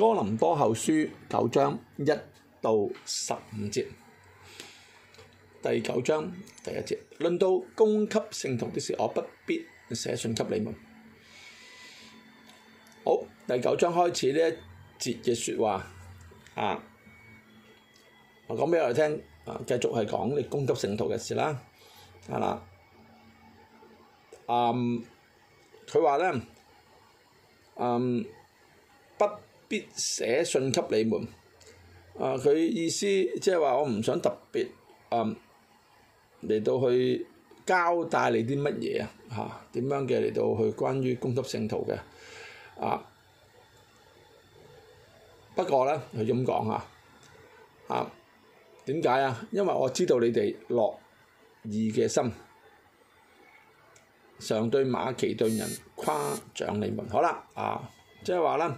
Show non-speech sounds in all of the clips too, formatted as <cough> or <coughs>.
哥林多後書九章一到十五節，第九章第一節，論到供給聖徒的事，我不必寫信給你們。好，第九章開始呢一節嘅説話，啊，我講俾我哋聽，啊，繼續係講你供給聖徒嘅事啦，係啦，啊，佢話咧，啊，不。必寫信給你們，啊！佢意思即係話我唔想特別啊嚟到去交代你啲乜嘢啊，嚇點樣嘅嚟到去關於供給聖徒嘅。啊！不過咧佢咁講嚇，啊點解啊？因為我知道你哋樂意嘅心，常對馬其頓人誇獎你們，好啦，啊即係話咧。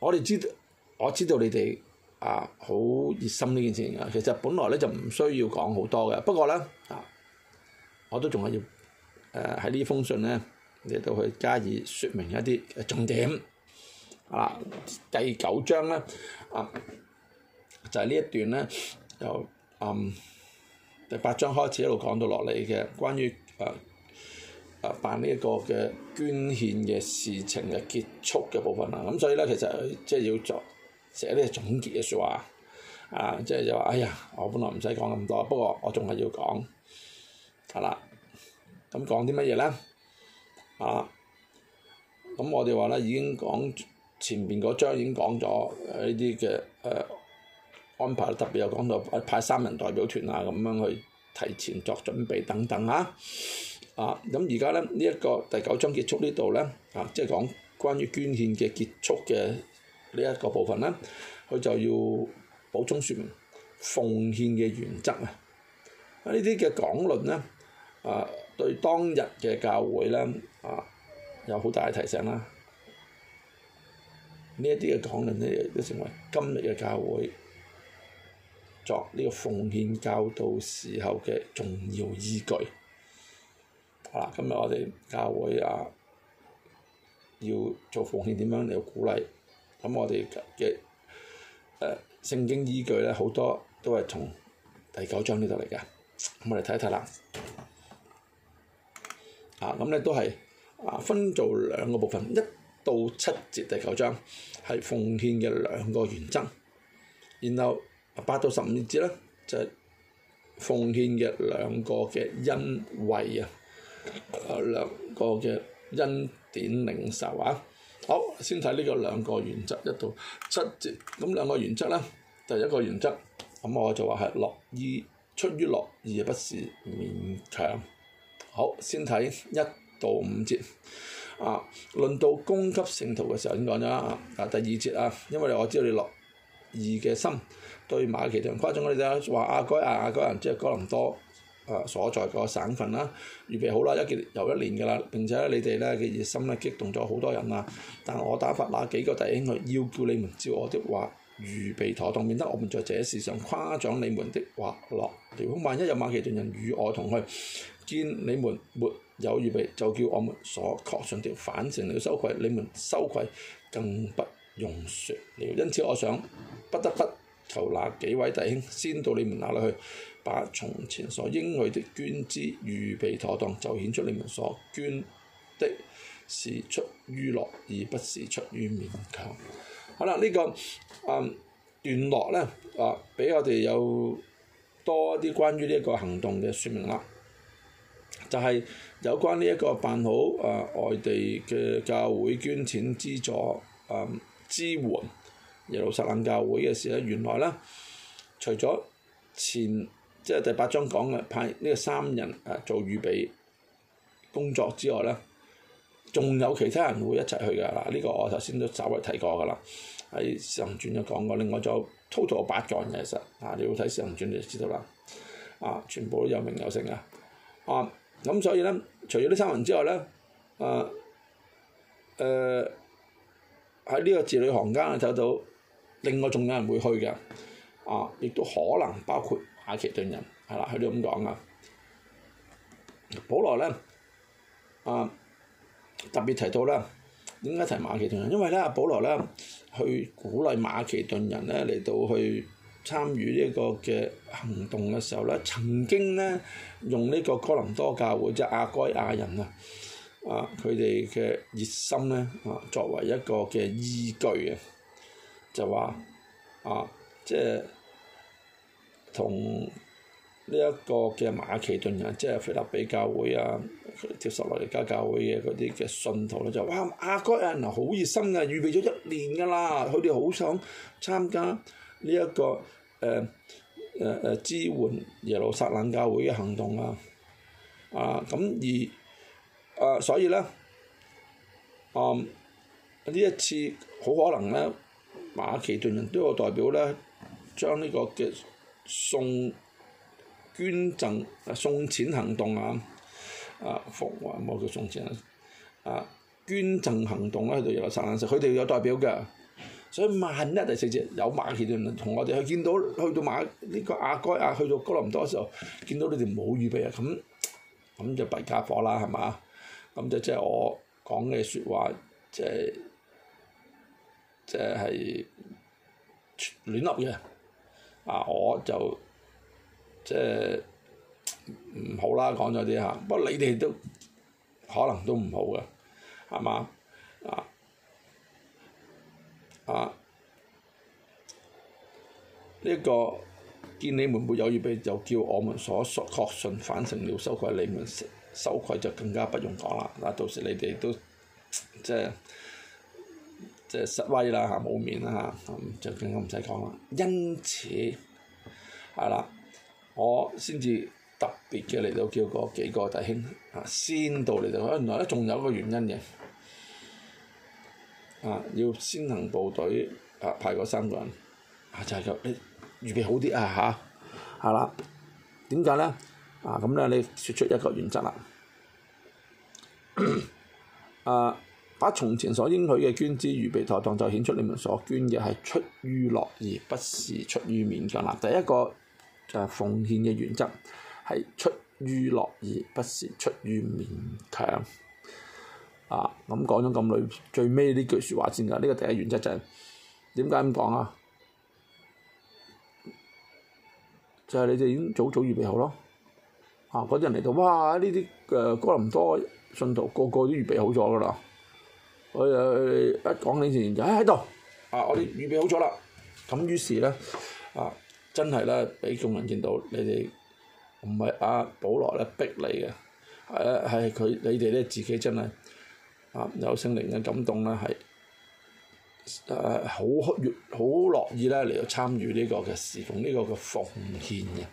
我哋知道，我知道你哋啊好熱心呢件事情啊。其實本來咧就唔需要講好多嘅，不過咧啊，我都仲係要誒喺呢封信咧，你都去加以説明一啲重點。啊，第九章咧啊，就係呢一段咧，由嗯第八章開始一路講到落嚟嘅，關於誒。啊啊！辦呢一個嘅捐獻嘅事情嘅結束嘅部分啦，咁所以咧，其實即係要作寫一啲總結嘅説話，啊，即係就話、是，哎呀，我本來唔使講咁多，不過我仲係要講，係啦，咁講啲乜嘢咧？啊，咁我哋話咧已經講前邊嗰張已經講咗呢啲嘅誒安排，特別有講到派三人代表團啊，咁樣去提前作準備等等嚇。啊啊，咁而家咧呢一個第九章結束呢度咧，啊，即係講關於捐獻嘅結束嘅呢一個部分咧，佢就要補充説明奉獻嘅原則啊！啊，呢啲嘅講論咧，啊，對當日嘅教會咧，啊，有好大嘅提醒啦。呢一啲嘅講論咧，亦都成為今日嘅教會作呢個奉獻教導時候嘅重要依據。啊！今日我哋教會啊，要做奉獻點樣嚟鼓勵？咁我哋嘅誒聖經依據咧，好多都係從第九章呢度嚟嘅。咁我哋睇一睇啦。啊！咁咧都係啊，分做兩個部分，一到七節第九章係奉獻嘅兩個原則，然後八到十五節咧就係，奉獻嘅兩個嘅恩惠。啊。兩個嘅恩典領受啊，好，先睇呢個兩個原則一到七節。咁兩個原則咧，第一個原則，咁我就話係樂意，出於樂意而不是勉強。好，先睇一到五節，啊，論到供給聖徒嘅時候先講咗啦，啊，第二節啊，因為我知道你樂意嘅心，對馬其頓人，誇獎我哋啦，話亞該人，亞該人即係哥林多。所在個省份啦，預備好啦，一結又一年㗎啦。並且你哋咧嘅熱心咧激動咗好多人啦。但我打發那幾個弟兄去，要叫你們照我的話預備妥當，免得我們在這事上誇獎你們的話落了空。萬一有馬其頓人與我同去，見你們沒有預備，就叫我們所確信的反成了羞愧。你們羞愧更不用説了。因此，我想不得不求那幾位弟兄先到你們那裏去。把從前所應許的捐資預備妥當，就顯出你們所捐的是出於樂，而不是出於勉強。好、嗯、啦，呢個啊段落咧啊，俾、嗯、我哋有多啲關於呢一個行動嘅説明啦。就係、是、有關呢一個辦好啊、呃、外地嘅教會捐錢資助啊、嗯、支援耶路撒冷教會嘅事咧，原來咧除咗前。即係第八章講嘅派呢個三人啊做預備工作之外咧，仲有其他人會一齊去嘅嗱，呢、這個我頭先都稍微提過嘅啦。喺《使行傳》就講過，另外就 total 八個人其實啊，你要睇《使行傳》你就知道啦。啊，全部都有名有姓嘅。啊，咁所以咧，除咗呢三人之外咧，啊，誒、呃，喺呢個字裏行間啊你睇到，另外仲有人會去嘅。啊，亦都可能包括。馬其頓人係啦，佢都咁講啊。保羅咧啊，特別提到咧，點解提馬其頓人？因為咧，保羅咧去鼓勵馬其頓人咧嚟到去參與呢一個嘅行動嘅時候咧，曾經咧用呢個哥林多教會即係亞該亞人啊啊，佢哋嘅熱心咧啊，作為一個嘅依據啊，就話啊，即係。同呢一個嘅馬其頓人，即係腓立比教會啊，帖撒羅尼加教會嘅嗰啲嘅信徒咧，就哇亞該亞人，嗱好熱心㗎、啊，預備咗一年㗎啦，佢哋好想參加呢、這、一個誒誒誒支援耶路撒冷教會嘅行動啊！啊、呃、咁而啊、呃，所以咧啊呢、呃、一次好可能咧，馬其頓人都有代表咧將呢、這個嘅。送捐贈，送錢行動啊，啊，福雲冇叫送錢啊，啊，捐贈行動咧喺度有散銀石，佢哋有代表嘅，所以萬一第四節有馬其頓同我哋去見到，去到馬呢、這個亞該亞啊，去到哥林多嘅時候，見到你哋冇預備啊，咁咁就弊傢伙啦，係嘛？咁就即係我講嘅説話，即係即係係亂噏嘅。就是啊！我就即係唔好啦，講咗啲吓。不過你哋都可能都唔好嘅，係嘛？啊啊！呢、這、一個見你們沒有預備，就叫我們所確信反成了羞愧，你們羞愧就更加不用講啦。啊！到時你哋都即係。即係失威啦嚇，冇面啦嚇，咁就更加唔使講啦。因此係啦，我先至特別嘅嚟到叫嗰幾個弟兄啊，先到嚟到。原來咧仲有一個原因嘅，啊要先行部隊啊，派嗰三個人，啊就係、是、咁，你預備好啲啊吓，係啦。點解咧？啊咁咧，你説出一個原則啦。 <coughs> 啊！把從前所應許嘅捐資預備妥當，就顯出你們所捐嘅係出於樂意，不是出於勉強啦。第一個就係奉獻嘅原則係出於樂意，不是出於勉強。啊，咁講咗咁耐，最尾呢句説話先㗎。呢個第一原則就係點解咁講啊？就係你哋已經早早預備好咯。啊，嗰啲人嚟到，哇！呢啲嘅哥林多信徒個個都預備好咗㗎啦。佢誒一講呢段就喺度，啊、哎、我哋預備好咗啦，咁於是咧啊真係咧俾眾人見到你哋唔係阿保羅咧逼你嘅，係咧係佢你哋咧自己真係啊有聖靈嘅感動咧係誒好樂好樂意咧嚟到參與呢個嘅事奉，呢、呢個嘅奉獻嘅，嗯、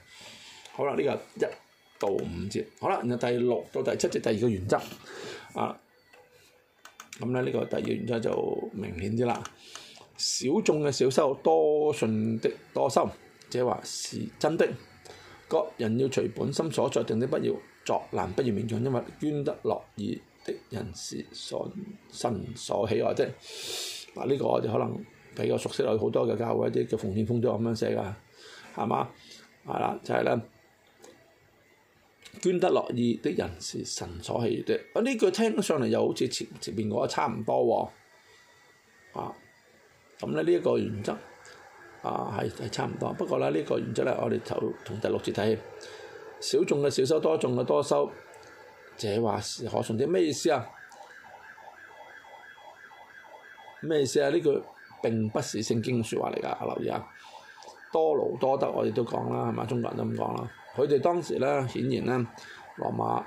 好啦呢個一到五節，好啦，然後第六到第七節第，第二個原則啊。咁咧呢個第二個原因就明顯啲啦，少種嘅少收，多種的多收，即係話是真的。各人要隨本心所酌定的，不要作難，不要勉強，因為捐得樂意的人是，所神所喜愛的。嗱，呢個我哋可能比較熟悉好多嘅教會一啲叫奉獻封度咁樣寫噶，係嘛？係啦，就係、是、咧。捐得樂意的人是神所喜的，啊呢句聽上嚟又好似前前邊嗰、那個、差唔多喎、哦，啊，咁咧呢一、這個原則，啊係係差唔多，不過咧呢、這個原則咧我哋就從第六節睇，起：「少種嘅少收，多種嘅多收，這話是可信啲咩意思啊？咩意思啊？呢句並不是聖經嘅説話嚟噶，留意啊，多勞多得我哋都講啦，係嘛？中國人都咁講啦。佢哋當時咧，顯然咧，羅馬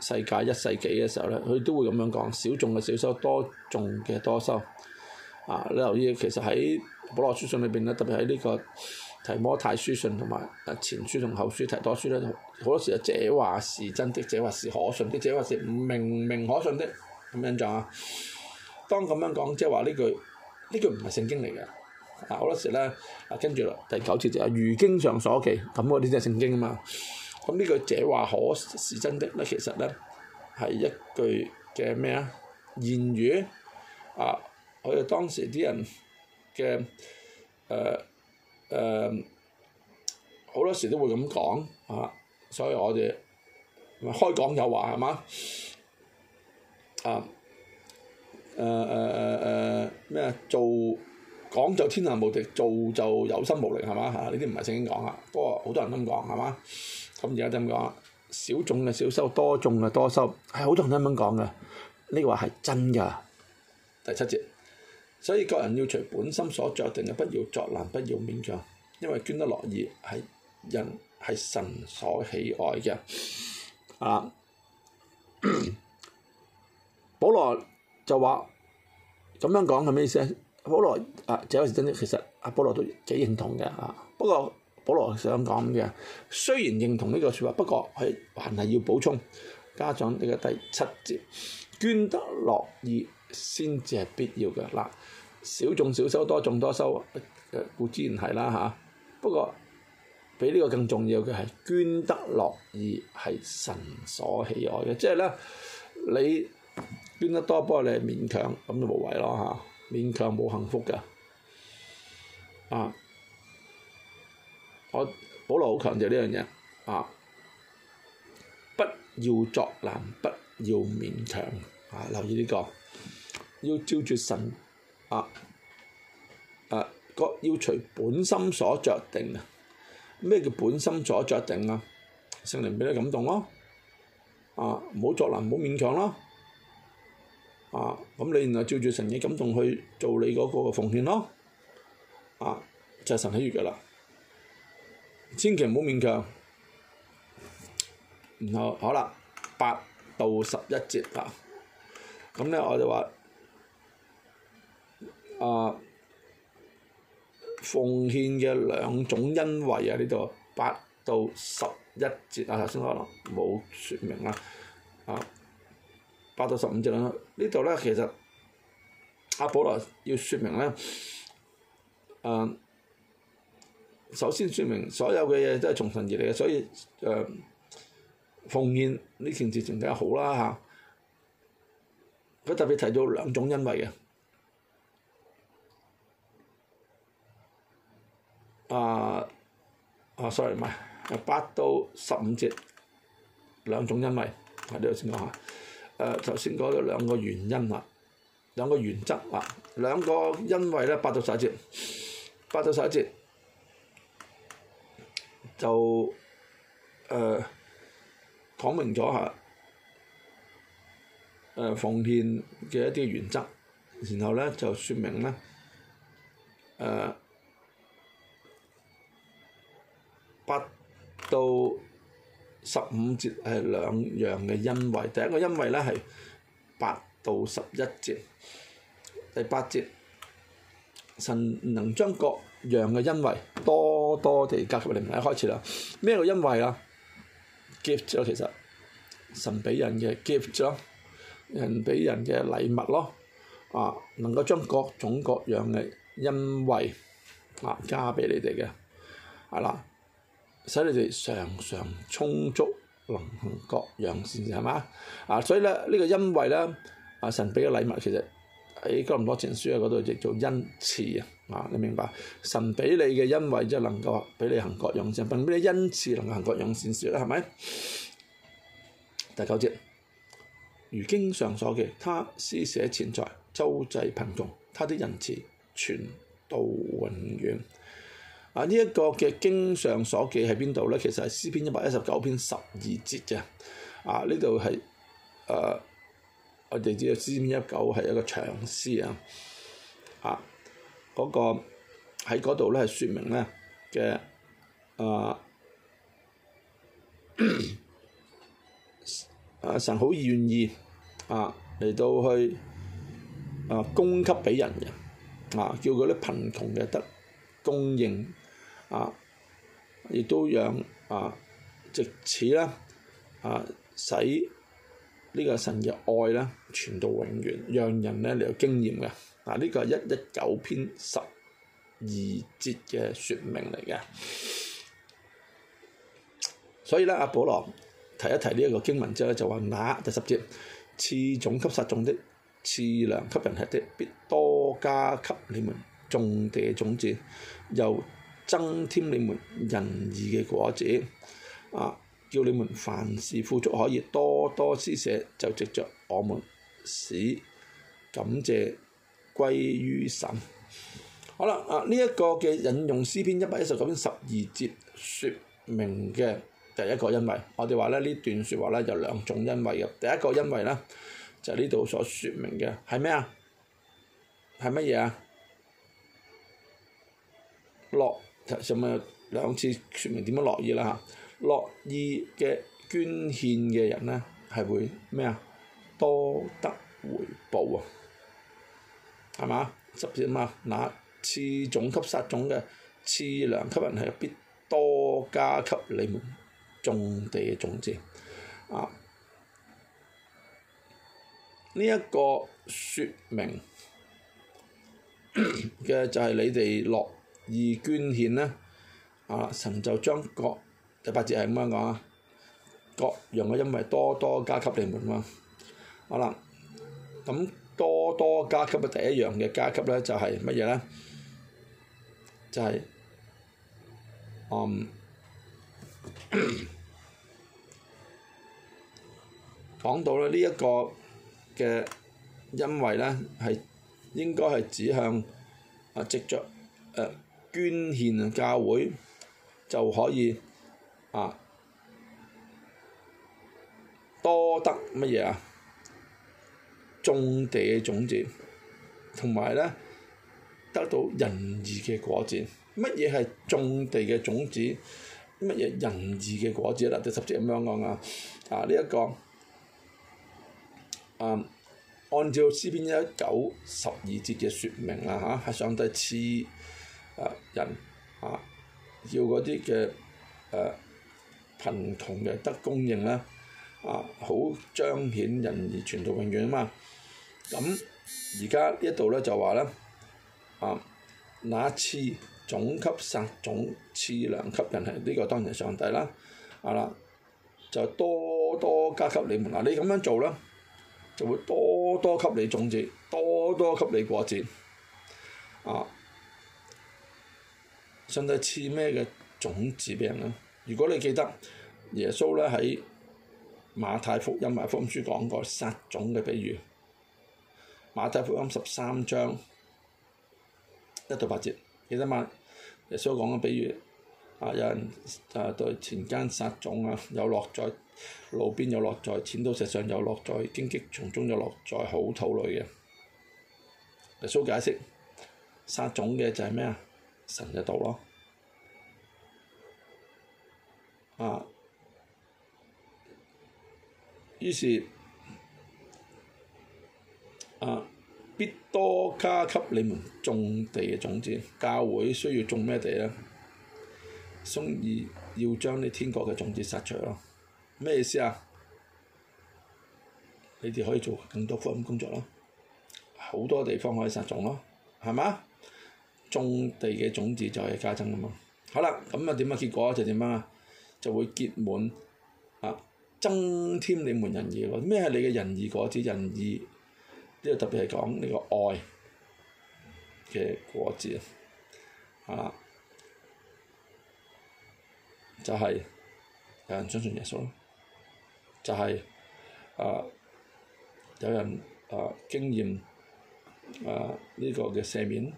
世界一世紀嘅時候咧，佢都會咁樣講：少種嘅少收，多種嘅多收。啊，你留意，其實喺《保羅書信》裏邊咧，特別喺呢個提摩太書信同埋前書同後書提多書咧，好多時候，這話是真的，這話是可信的，這話是明明可信的咁樣講。當咁樣講，即係話呢句，呢句唔係聖經嚟嘅。啊！好多時咧，啊跟住咯，第九節就係、是《如經上所記》，咁嗰啲就係聖經啊嘛。咁呢句這話可是真的咧？其實咧係一句嘅咩啊言語啊，佢哋當時啲人嘅誒誒好多時都會咁講啊，所以我哋開講又話係嘛啊誒誒誒誒咩啊做？講就天下無敵，做就有心無力，係嘛？嚇！呢啲唔係聖經講啊，不過好多人都咁講，係嘛？咁而家咁講？少種嘅少收，多種嘅多收，係、哎、好多人都咁樣講嘅。呢個話係真㗎。第七節，所以各人要隨本心所酌定，不要作難，不要勉強，因為捐得樂意係人係神所喜愛嘅。啊！ <coughs> 保羅就話咁樣講係咩意思？保，羅啊、保羅啊，這有時真的其實阿保羅都幾認同嘅嚇。不過保羅想講嘅，雖然認同呢個說話，不過佢還係要補充。加上你嘅第七節，捐得樂意先至係必要嘅。嗱，少種少收，多種多收嘅固之然係啦嚇。不過比呢個更重要嘅係捐得樂意係神所喜愛嘅，即係咧你捐得多，不過你係勉強咁就無謂咯嚇。勉強冇幸福㗎，啊！我保羅好強調呢樣嘢，啊！不要作難，不要勉強，啊！留意呢、呢個，要照住神，啊！啊，各、啊、要隨本心所酌定啊！咩叫本心所酌定啊？聖靈畀你感動咯，啊！唔好作難，唔好勉強咯。咁你然後照住神嘅感動去做你嗰個奉獻咯，啊，就係神喜悅噶啦，千祈唔好勉強。然後好啦，八到十一節啊，咁咧我就話啊，奉獻嘅兩種恩惠啊，呢度八到十一節啊，頭先可能冇説明啦，啊。八到十五節啦，呢度咧其實阿保羅要説明咧，誒、呃，首先説明所有嘅嘢都係從神而嚟嘅，所以誒、呃、奉獻呢件事情梗係好啦嚇。佢、啊、特別提到兩種恩惠嘅，啊啊，sorry 唔係，八到十五節兩種恩惠，喺呢度先講嚇。啊。誒頭先講咗兩個原因啊，兩個原則啊，兩個因為咧，八到十一節、呃呃呃，八到十一節就誒講明咗下誒奉獻嘅一啲原則，然後咧就說明咧誒八到。十五節係兩樣嘅恩惠，第一個恩惠咧係八到十一節，第八節，神能將各樣嘅恩惠多多地加給你們，一開始啦，咩叫恩惠啊？gift 咯，其實神俾人嘅 gift 咯，人俾人嘅禮物咯，啊，能夠將各種各樣嘅恩惠啊加俾你哋嘅，係啦。使你哋常常充足，能行各樣善事，係嘛？啊，所以咧，呢、這個恩惠咧，啊神俾嘅禮物其實喺咁、哎、多前書嗰度叫做恩慈啊，啊你明白？神俾你嘅恩惠即係能夠俾你行各樣善，並俾你恩慈能夠行各樣善事啦，係咪？第九節，如經常所記，他施捨錢財，周濟貧窮，他的仁慈全到永遠。啊！呢一個嘅經上所記喺邊度咧？其實係詩篇一百一十九篇十二節嘅，啊呢度係，誒、啊，我哋知道詩篇一九係一個長詩啊，啊，嗰個喺嗰度咧係説明咧嘅，誒、啊 <coughs> 啊，神好願意啊嚟到去，啊供給畀人嘅，啊叫嗰啲貧窮嘅得供應。亦、啊、都讓啊，藉此啦啊，使呢個神嘅愛啦，傳到永遠，讓人咧嚟有經驗嘅。嗱、啊，呢個係一一九篇十二節嘅説明嚟嘅。所以咧、啊，阿保羅提一提呢一個經文之後，就話嗱第十節，次種給撒種的，次糧給人吃的，必多加給你們種地嘅種子，又。增添你們仁義嘅果子，啊，叫你們凡事富足，可以多多施捨，就藉着我們使感謝歸於神。好啦，啊，呢一個嘅引用詩篇一百一十九篇十二節説明嘅第一個因為，我哋話咧呢段説話咧有兩種因為嘅，第一個因為咧就係呢度所説明嘅係咩啊？係乜嘢啊？落。就咁啊！兩次説明點樣樂意啦嚇，樂意嘅捐獻嘅人呢，係會咩啊？多得回報啊，係嘛？執字嘛，那賜種，撒種次級撒種嘅賜糧給人係必多加給你們種地嘅種子啊！呢、這、一個説明嘅就係你哋樂。而捐獻咧，啊成就將各第八節係咁樣講啊，各樣嘅恩惠多多加給你們啊，好啦，咁多多加給嘅第一樣嘅加給咧就係乜嘢咧？就係，嗯，講到咧呢一個嘅恩惠咧，係應該係指向啊，即着，誒。捐獻教會就可以啊多得乜嘢啊？種地嘅種子，同埋咧得到仁義嘅果子。乜嘢係種地嘅種子？乜嘢仁義嘅果子啦？第十節咁樣講啊！啊，呢、這、一個啊，按照詩篇一九十二節嘅説明啦，嚇、啊、係上帝賜。人啊，要嗰啲嘅誒貧窮嘅得供應啦，啊好彰顯仁義傳到永遠啊嘛！咁而家呢度咧就話咧啊，那賜種給撒種，賜糧給人係呢個當然係上帝啦，啊啦，就多多加給你們啊！你咁樣做咧，就會多多給你種子，多多給你果子，啊！甚至似咩嘅種子病咧？如果你記得耶穌咧喺馬太福音馬太福音書講過撒種嘅比喻，馬太福音十三章一到八節，記得嘛？耶穌講嘅比喻啊，有人啊在田間撒種啊，有落在路邊，有落在淺土石上，有落在荊棘叢中，有落在好土裏嘅。耶穌解釋撒種嘅就係咩啊？神嘅道咯，啊，於是啊，必多加給你們種地嘅種子。教會需要種咩地咧？所以要將你天國嘅種子撒出嚟咯。咩意思啊？你哋可以做更多福音工作咯。好多地方可以撒種咯，係嘛？種地嘅種子就係加增啊嘛，好啦，咁啊點樣結果就點樣，就會結滿啊，增添你們仁義嘅果子。咩係你嘅仁義果子？仁義呢個特別係講呢個愛嘅果子啊，啊，就係、是、有人相信耶穌咯，就係、是、啊有人啊經驗啊呢、這個嘅赦免。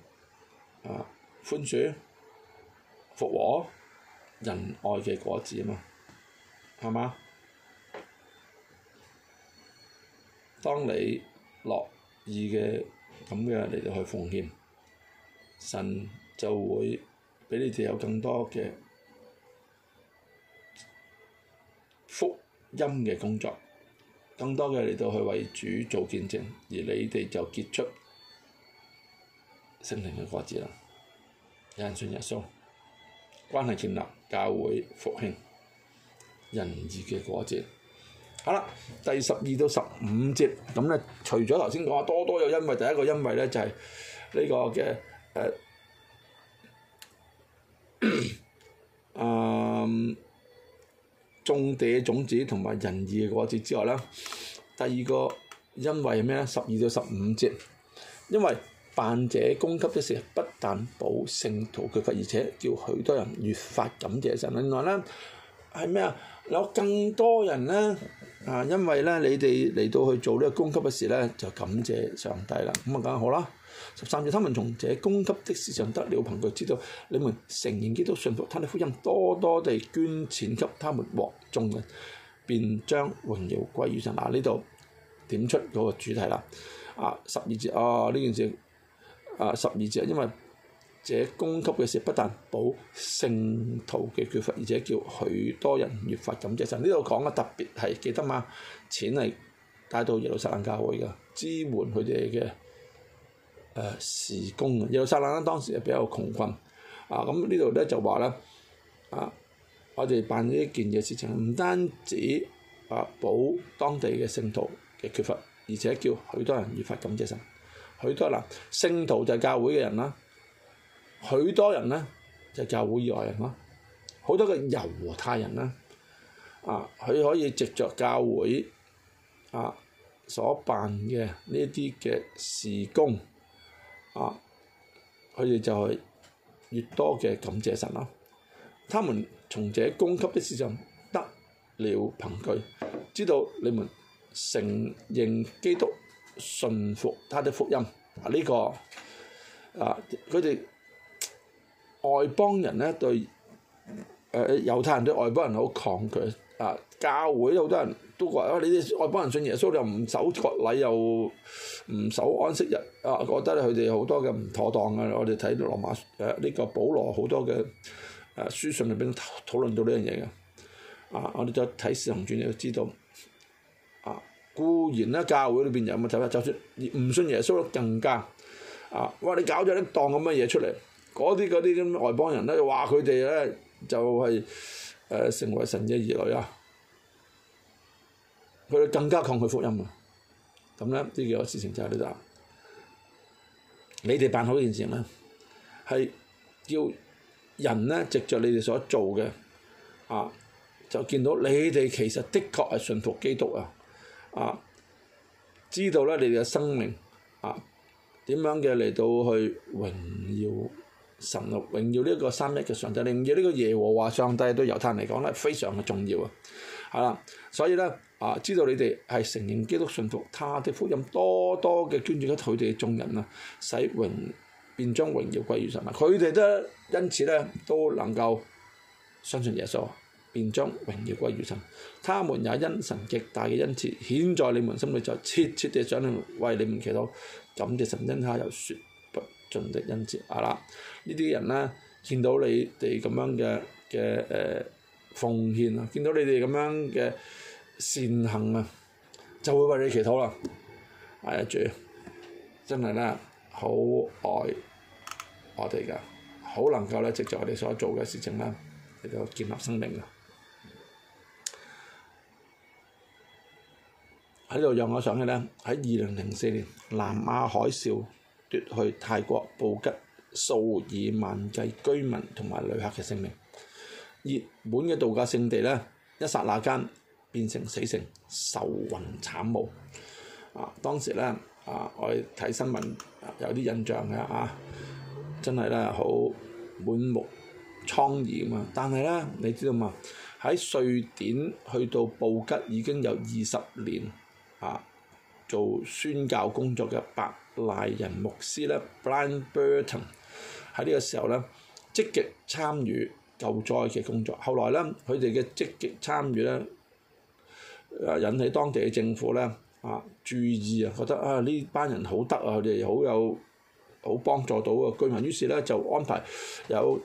啊，寬恕、復和、仁愛嘅果子啊嘛，係嘛？當你樂意嘅咁嘅嚟到去奉獻，神就會畀你哋有更多嘅福音嘅工作，更多嘅嚟到去為主做見證，而你哋就結出。」聖靈嘅果子啦，有人信耶穌，關係建立，教會復興，仁義嘅果子。好啦，第十二到十五節咁咧，除咗頭先講話多多有因為，第一個因為咧就係、是、呢個嘅誒，誒、呃 <coughs> 嗯、種地嘅種子同埋仁義嘅果子之外咧，第二個因為咩咧？十二到十五節，因為。辦這供給的事，不但保聖徒缺乏，而且叫許多人越發感謝神。另外咧，係咩啊？有更多人咧，啊，因為咧，你哋嚟到去做呢個供給嘅事咧，就感謝上帝啦。咁啊，梗係好啦。十三節，他們從這供給的事上得了憑據，知道你們承認基督、信服他的福音，多多地捐錢給他們，和眾人便將榮耀歸於神。嗱，呢度點出嗰個主題啦。啊，十二節，哦，呢件事。啊！十二節，因為這供給嘅事不但補聖徒嘅缺乏，而且叫許多人越發感謝神。呢度講嘅特別係記得嘛，錢係帶到耶路撒冷教會嘅支援佢哋嘅誒事工嘅。耶路撒冷當時係比較窮困，啊，咁呢度咧就話咧，啊我哋辦呢一件嘅事情，唔單止啊補當地嘅聖徒嘅缺乏，而且叫許多人越發感謝神。許多啦，聖徒就係教會嘅人啦。許多人呢就係教會以外人啦。好多嘅猶太人啦，啊，佢可以藉着教會啊所辦嘅呢啲嘅事工，啊，佢哋就係越多嘅感謝神啦。他們從這供給的事上得了憑據，知道你們承認基督。信服他的福音，啊呢、這個啊佢哋外邦人咧對誒猶、呃、太人對外邦人好抗拒啊，教會好多人都話：哇、啊！你哋外邦人信耶穌，你又唔守割禮又唔守安息日，啊覺得佢哋好多嘅唔妥當嘅。我哋睇羅馬誒呢、啊這個保羅好多嘅誒書信入邊討論到呢樣嘢嘅，啊我哋就睇《史紅傳》你就知道。固然啦，教會裏邊有冇睇法就算唔信耶穌啦，更加啊！哇！你搞咗啲當咁嘅嘢出嚟，嗰啲嗰啲咁外邦人咧，話佢哋咧就係、是、誒、呃、成為神嘅兒女啦，佢、啊、哋更加抗拒福音啊！咁咧呢幾個事情就係呢度。你哋辦好件事情啦，係要人咧，藉着你哋所做嘅啊，就見到你哋其實的確係信服基督啊！啊！知道咧，你哋嘅生命啊，點樣嘅嚟到去榮耀神啊，榮耀呢一個三一嘅上帝，你唔要呢個耶和華上帝對猶太人嚟講咧，非常嘅重要啊！係啦，所以咧啊，知道你哋係、啊啊啊、承認基督信徒，他的福音，多多嘅捐助咗佢哋嘅眾人啊，使榮便將榮耀歸於神啊！佢哋都因此咧都能夠相信耶穌。便將榮耀歸於神，他們也因神極大嘅恩賜，顯在你們心裏，就切切地想念為你們祈禱。感謝神，因他有説不盡的恩賜。啊啦，呢啲人呢，見到你哋咁樣嘅嘅誒奉獻啊，見到你哋咁樣嘅善行啊，就會為你祈禱啦。哎呀，主，真係咧好愛我哋㗎，好能夠咧藉著我哋所做嘅事情咧嚟到建立生命嘅。喺度讓我想起咧，喺二零零四年南亞海嘯奪去泰國布吉數以萬計居民同埋旅客嘅性命，熱門嘅度假勝地咧一剎那間變成死城，愁雲慘霧啊！當時咧啊，我睇新聞有啲印象嘅啊，真係咧好滿目瘡痍啊！但係咧，你知道嘛？喺瑞典去到布吉已經有二十年。啊！做宣教工作嘅白賴人牧師咧，Brian Burton 喺呢個時候咧，積極參與救災嘅工作。後來咧，佢哋嘅積極參與咧，引起當地嘅政府咧啊注意啊，覺得啊呢班人好得啊，佢哋好有好幫助到啊居民。於是咧就安排有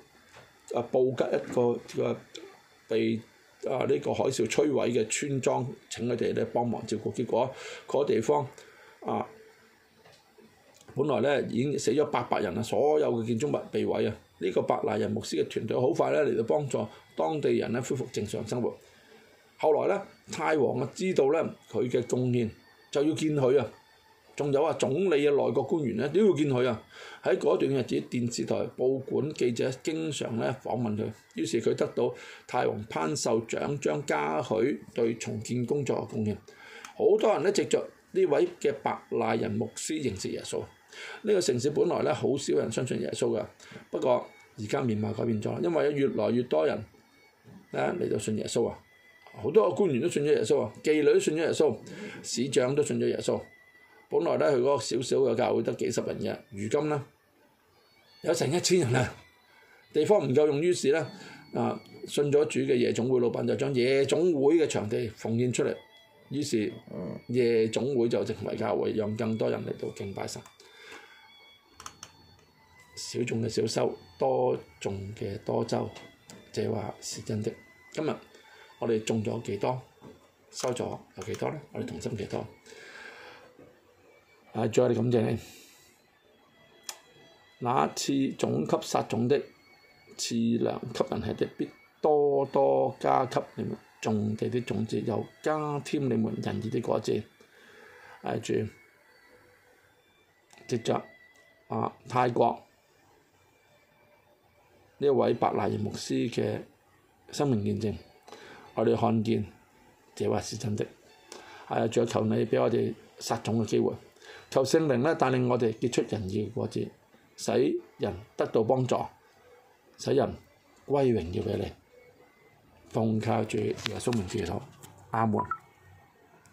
啊布吉一個個、啊、被。啊！呢、這個海嘯摧毀嘅村莊，請佢哋咧幫忙照顧。結果嗰、那個、地方啊，本來咧已經死咗八百人啊，所有嘅建築物被毀啊。呢、這個白賴人牧師嘅團隊好快咧嚟到幫助當地人咧恢復正常生活。後來咧，泰王啊知道咧佢嘅貢獻，就要見佢啊。仲有啊！總理嘅內閣官員呢，都要見佢啊！喺嗰段日子，電視台報館記者經常咧訪問佢。於是佢得到泰王頒授獎章嘉許對重建工作嘅貢獻。好多人咧藉着呢位嘅白賴人牧師認識耶穌。呢個城市本來咧好少人相信耶穌嘅，不過而家面貌改變咗，因為越來越多人咧嚟到信耶穌啊！好多個官員都信咗耶穌啊，妓女都信咗耶穌，市長都信咗耶穌。本來咧，佢嗰個少少嘅教會得幾十人嘅，如今呢，有成一千人啦，地方唔夠用，於是咧啊信咗主嘅夜總會老闆就將夜總會嘅場地奉獻出嚟，於是夜總會就成為教會，讓更多人嚟到敬拜神。少種嘅少收，多種嘅多收，這話是真的。今日我哋種咗幾多，收咗有幾多呢？我哋同心幾多？係，再嚟、啊、感謝你。那賜種給撒種的賜糧給人吃的，必多多加給你們種地的種子，又加添你們仁義的果子。係、啊、住，藉著啊泰國呢位白賴牧師嘅生命見證，我哋看見這位是真的。係、啊，再求你畀我哋撒種嘅機會。求聖靈咧帶領我哋結出仁義果子，使人得到幫助，使人歸榮耀嘅靈。奉靠主耶穌名祈禱，阿門。